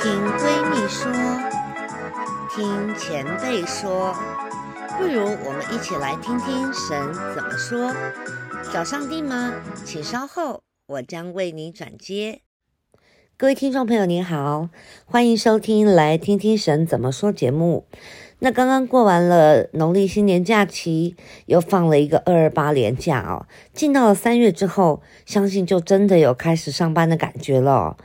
聽閨蜜說，聽前輩說，不如我們一起來聽聽神怎麼說。找上帝嗎？請稍後，我將為你轉接。各位聽眾朋友，您好，歡迎收聽《來聽聽神怎麼說》節目。那剛剛過完了農曆新年假期，又放了一個二二八連假哦。進到了三月之後，相信就真的有開始上班的感覺了。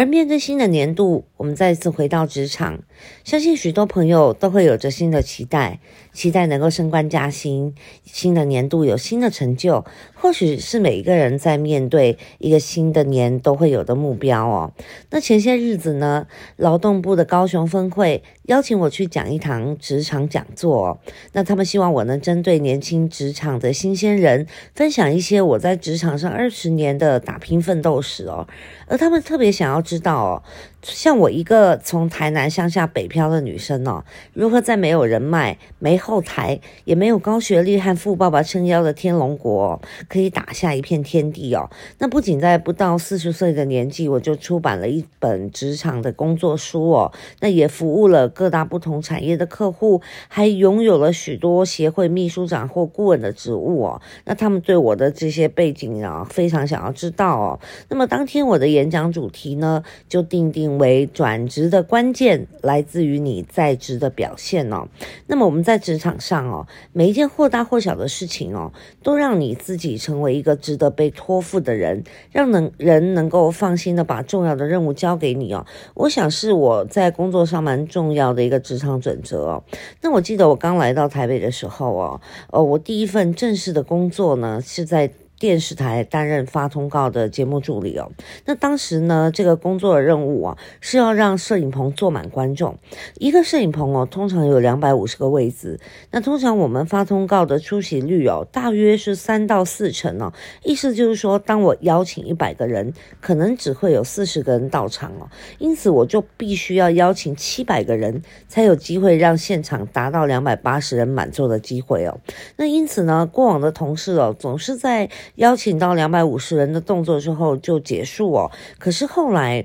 而面對新的年度，我們再一次回到職場，相信許多朋友都會有着新的期待，期待能夠升官加薪，新的年度有新的成就，或許是每一個人在面對一個新的年都會有的目標哦。那前些日子呢，勞動部的高雄分會邀請我去講一堂職場講座哦，那他們希望我能針對年輕職場的新鮮人，分享一些我在職場上二十年的打拼奮鬥史哦，而他們特別想要。知道哦。像我一個從台南鄉下北漂的女生哦，如何在沒有人脈、沒後台、也沒有高學歷和富爸爸撐腰的天龍國，可以打下一片天地哦？那不僅在不到四十歲的年紀，我就出版了一本職場的工作書哦，那也服務了各大不同產業的客戶，還擁有了許多協會秘書長或顧問的職務哦。那他們對我的這些背景啊，非常想要知道哦。那麼當天我的演講主題呢，就訂定。為轉職的關鍵來自於你在職的表現哦。那麼我們在職場上哦，每一件或大或小的事情哦，都讓你自己成為一個值得被托付的人，讓人能夠放心的把重要的任務交給你哦。我想是我在工作上蠻重要的一個職場準則哦。那我記得我剛來到台北的時候哦，呃、哦，我第一份正式的工作呢是在。電視台擔任發通告的節目助理哦，那當時呢，這個工作的任務啊是要讓攝影棚坐滿觀眾。一個攝影棚哦，通常有兩百五十個位置。那通常我們發通告的出席率哦，大約是三到四成哦。意思就是說，當我邀請一百個人，可能只會有四十個人到場哦。因此我就必須要邀請七百個人，才有機會讓現場達到兩百八十人滿座的機會哦。那因此呢，過往的同事哦，總是在邀請到兩百五十人的動作之後就結束哦，可是後來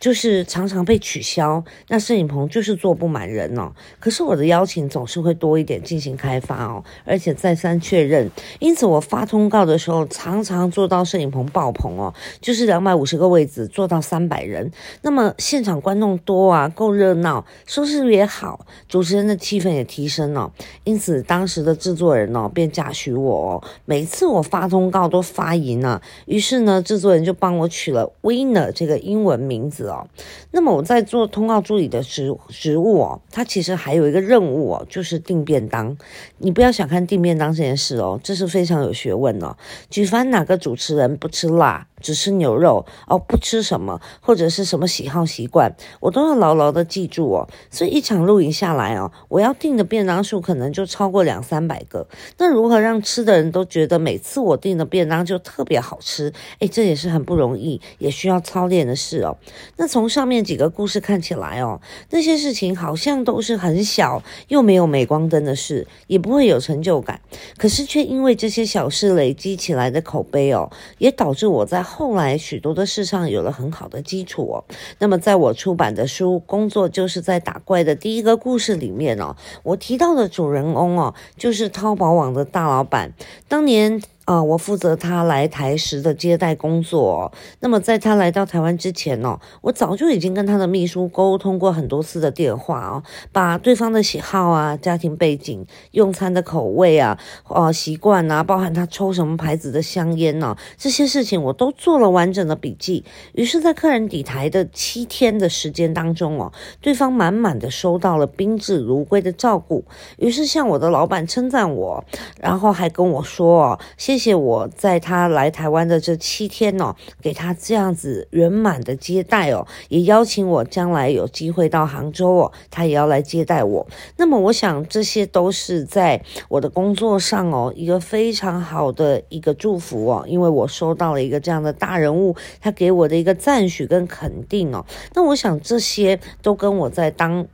就是常常被取消。那攝影棚就是坐不滿人哦。可是我的邀請總是會多一點進行開發哦，而且再三確認。因此我發通告的時候常常坐到攝影棚爆棚哦，就是兩百五十個位置坐到三百人。那麼現場觀眾多啊，夠熱鬧，收視率也好，主持人的氣氛也提升了，哦。因此當時的制作人呢、哦，便嘉許我哦，每次我發通告。好多發音啊！於是呢，製作人就幫我取了 Winner 這個英文名字哦。那麼我在做通告助理的職職務哦，它其實還有一個任務哦，就是訂便當。你不要小看訂便當這件事哦，這是非常有學問哦。舉凡，哪個主持人不吃辣？只吃牛肉哦，不吃什麼或者是什麼喜好習慣，我都要牢牢的記住哦。所以一場露營下來哦，我要訂的便當數可能就超過兩三百個。那如何讓吃的人都覺得每次我訂的便當就特別好吃？誒，這也是很不容易，也需要操練的事哦。那從上面幾個故事看起來哦，那些事情好像都是很小又沒有鎂光燈的事，也不會有成就感。可是卻因為這些小事累積起來的口碑哦，也導致我在後來許多的事上有了很好的基礎哦。那麼，在我出版的書《工作就是在打怪》的第一個故事裡面哦，我提到的主人翁哦，就是淘寶網的大老板，當年。啊、呃，我負責他來台時的接待工作、哦。那麼在他來到台灣之前呢、哦，我早就已經跟他的秘書溝通過很多次的電話哦，把對方的喜好啊、家庭背景、用餐的口味啊、哦、呃、習慣啊，包含他抽什麼牌子的香菸呐、啊，這些事情我都做了完整的筆記。於是，在客人抵台的七天的時間當中哦，對方滿滿的收到了賓至如歸的照顧。於是向我的老板稱讚我，然後還跟我說哦，先。謝謝我在他來台灣的這七天哦，給他這樣子圓滿的接待哦，也邀請我將來有機會到杭州哦，他也要來接待我。那麼我想這些都是在我的工作上哦，一個非常好的一個祝福哦，因為我收到了一個這樣的大人物，他給我的一個讚許跟肯定哦。那我想這些都跟我在當。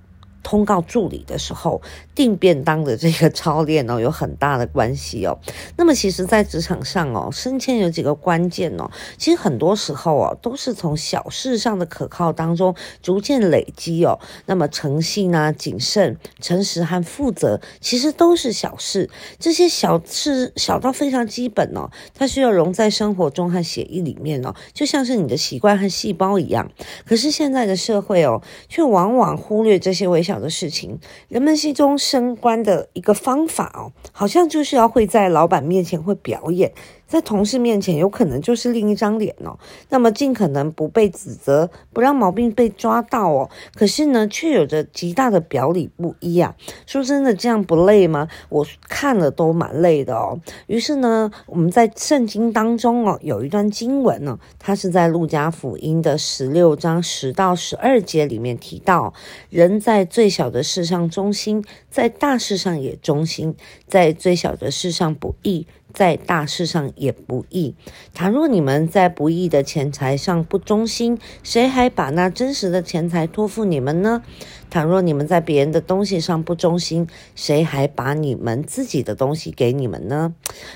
通告助理的時候，定便當的這個操練哦，有很大的關係哦。那麼其實，在職場上哦，升遷有幾個關鍵哦。其實很多時候哦，都是從小事上的可靠當中逐漸累積哦。那麼誠信啊、謹慎、誠實和負責，其實都是小事。這些小事小到非常基本哦，它需要融在生活中和血液裡面哦，就像是你的習慣和細胞一樣。可是現在的社會哦，卻往往忽略這些微小。小的事情，人們心中升官的一個方法哦，好像就是要會在老闆面前會表演。在同事面前，有可能就是另一張臉哦。那麼儘可能不被指責，不讓毛病被抓到哦。可是呢，卻有着極大的表裡不一啊。說真的，這樣不累嗎？我看了都蠻累的哦。於是呢，我們在聖經當中哦，有一段經文呢、哦，它是在路加福音的十六章十到十二節裡面提到：人在最小的事上忠心，在大事上也忠心；在最小的事上不義。」在大事上也不義。倘若你們在不義的錢財上不忠心，誰還把那真實的錢財托付你們呢？倘若你們在別人的東西上不忠心，誰還把你們自己的東西給你們呢？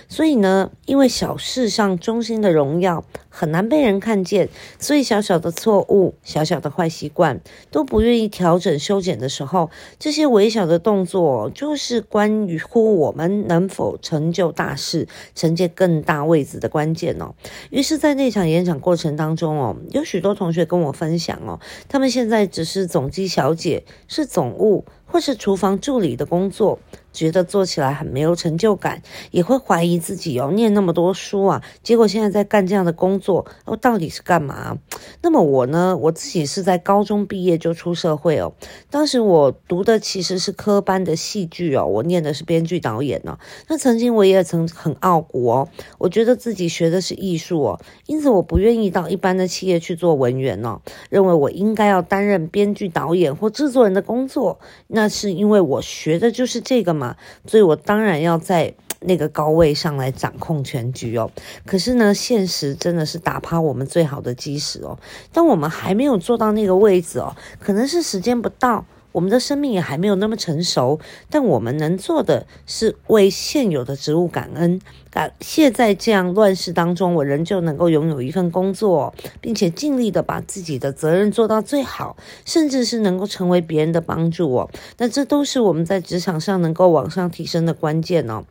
所以呢，因為小事上忠心的榮耀很難被人看見，所以小小的錯誤、小小的壞習慣都不願意調整修剪的時候，這些微小的動作就是關乎我們能否成就大事、承接更大位子的關鍵哦。於是，在那場演講過程當中哦，有許多同學跟我分享哦，他們現在只是總機小姐。是總務，或是廚房助理的工作，覺得做起來很沒有成就感，也會懷疑自己哦。念那麼多書啊，結果現在在幹這樣的工作，哦到底是幹嘛？那麼我呢？我自己是在高中畢業就出社會哦，當時我讀的其實是科班的戲劇哦，我念的是編劇導演呢、哦。那曾經我也曾很傲骨哦，我覺得自己學的是藝術哦，因此我不願意到一般的企業去做文員哦，認為我應該要擔任編劇導演或制作人的工作。那是因為我學的就是這個嘛，所以我當然要在那個高位上來掌控全局哦。可是呢，現實真的是打趴我們最好的基石哦，但我們還沒有坐到那個位置哦，可能是時間不到。我們的生命也還沒有那麼成熟，但我們能做的是為現有的職務感恩。感謝在這樣亂世當中，我仍舊能夠擁有一份工作，哦，並且盡力的把自己的責任做到最好，甚至是能夠成為別人的幫助。哦。那這都是我們在職場上能夠往上提升的關鍵哦。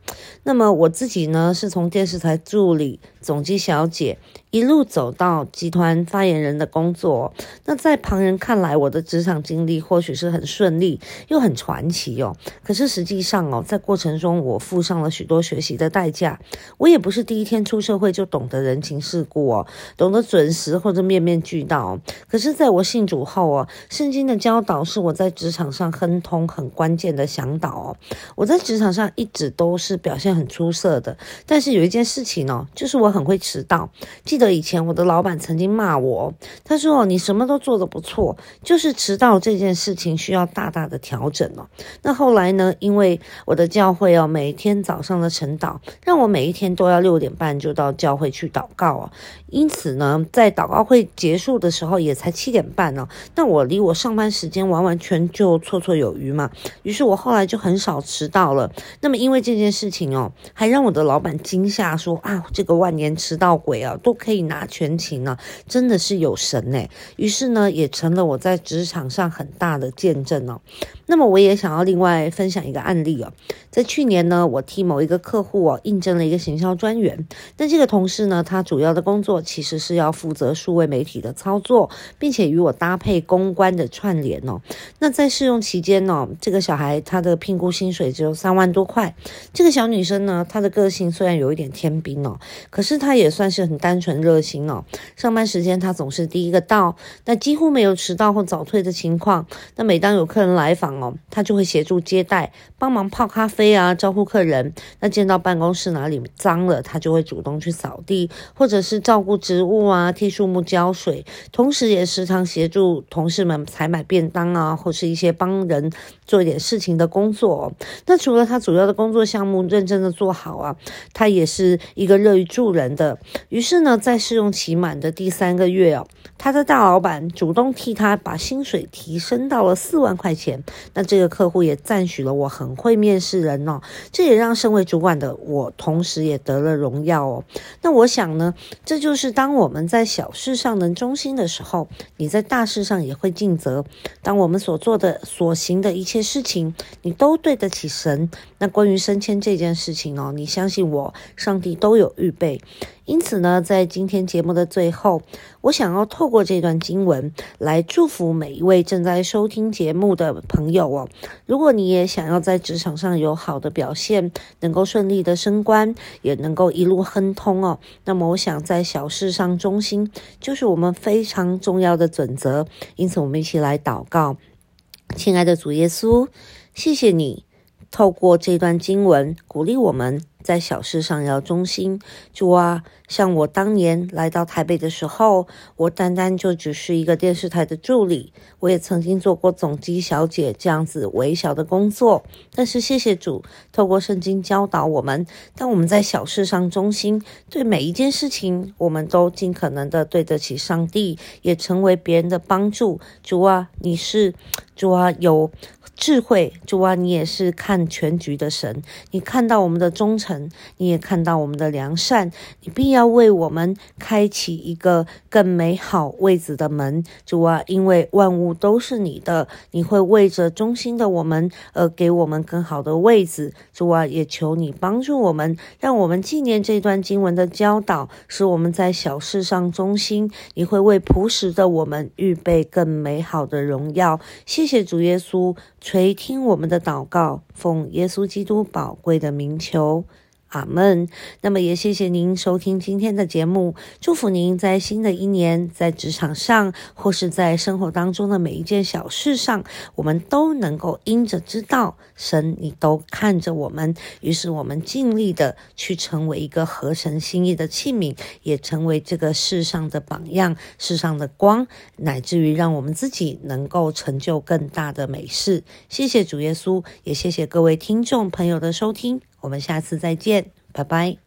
那麼我自己呢，是從電視台助理、總機小姐一路走到集團發言人的工作，哦。那在旁人看來，我的職場經歷或許是很順利又很傳奇哦，可是實際上哦，在過程中我付上了許多學習的代價。我也不是第一天出社會就懂得人情世故哦，懂得準時或者面面俱到哦。可是在我信主後哦，聖經的教導是我在職場上亨通很關鍵的向導哦。我在職場上一直都是表現很出色的，但是有一件事情哦，就是我很會遲到。記得以前我的老闆曾經罵我，他說：“哦，你什麼都做得不錯，就是遲到這件事情需要。”大大的調整了、哦。那後來呢？因為我的教會哦，每天早上的晨禱，讓我每一天都要六點半就到教會去禱告啊、哦。因此呢，在禱告會結束的時候也才七點半呢、哦。那我離我上班時間完完全就綽綽有餘嘛。於是我後來就很少遲到了。那麼因為這件事情哦，還讓我的老板驚嚇說啊，這個萬年遲到鬼啊，都可以拿全勤啊，真的是有神呢，於是呢，也成了我在職場上很大的見證。呢、哦，那麼我也想要另外分享一個案例哦。在去年呢，我替某一個客戶哦，應徵了一個行銷專員。那這個同事呢，他主要的工作其實是要負責數位媒體的操作，並且與我搭配公關的串聯哦。那在試用期間呢、哦，這個小孩他的評估薪水只有三萬多塊。這個小女生呢，她的個性雖然有一點天兵哦，可是她也算是很單純熱心哦。上班時間她總是第一個到，那幾乎沒有遲到或早退的情況。那每當有有客人來訪哦，他就會協助接待，幫忙泡咖啡啊，招呼客人。那見到辦公室哪裡髒了，他就會主動去掃地，或者是照顧植物啊，替樹木澆水。同時，也時常協助同事們採買便當啊，或是一些幫人。做一點事情的工作哦，那除了他主要的工作項目認真的做好啊，他也是一個樂於助人的。於是呢，在試用期滿的第三個月哦，他的大老闆主動替他把薪水提升到了四萬塊錢。那這個客戶也讚許了我很會面試人哦，這也讓身為主管的我同時也得了榮耀哦。那我想呢，這就是當我們在小事上能忠心的時候，你在大事上也會盡責。當我們所做的，所行的一切。這些事情，你都對得起神。那關於升遷這件事情哦，你相信我，上帝都有預備。因此呢，在今天節目的最後，我想要透過這段經文來祝福每一位正在收聽節目的朋友哦。如果你也想要在職場上有好的表現，能夠順利的升官，也能夠一路亨通哦，那麼我想在小事上忠心，就是我們非常重要的準則。因此，我們一起來禱告。親愛的主耶穌，謝謝你透過這段經文鼓勵我們。在小事上要忠心，主啊，像我當年來到台北的時候，我單單就只是一個電視台的助理，我也曾經做過總機小姐這樣子微小的工作。但是謝謝主，透過聖經教導我們，當我們在小事上忠心，對每一件事情，我們都盡可能的對得起上帝，也成為別人的幫助。主啊，你是，主啊，有智慧，主啊，你也是看全局的神，你看到我們的忠誠。你也看到我們的良善，你必要為我們開啟一個更美好位子的門，主啊，因為萬物都是你的，你會為着忠心的我們而給我們更好的位子，主啊，也求你幫助我們，讓我們紀念這段經文的教導，使我們在小事上忠心，你會為樸實的我們預備更美好的榮耀。謝謝主耶穌，垂聽我們的禱告，奉耶穌基督寶貴的名求。阿門。那麼也謝謝您收聽今天的節目，祝福您在新的一年，在職場上或是在生活當中的每一件小事上，我們都能夠因着知道神，你都看着我們，於是我們盡力的去成為一個合神心意的器皿，也成為這個世上的榜樣，世上的光，乃至於讓我們自己能夠成就更大的美事。謝謝主耶穌，也謝謝各位聽眾朋友的收聽。我們下次再見，拜拜。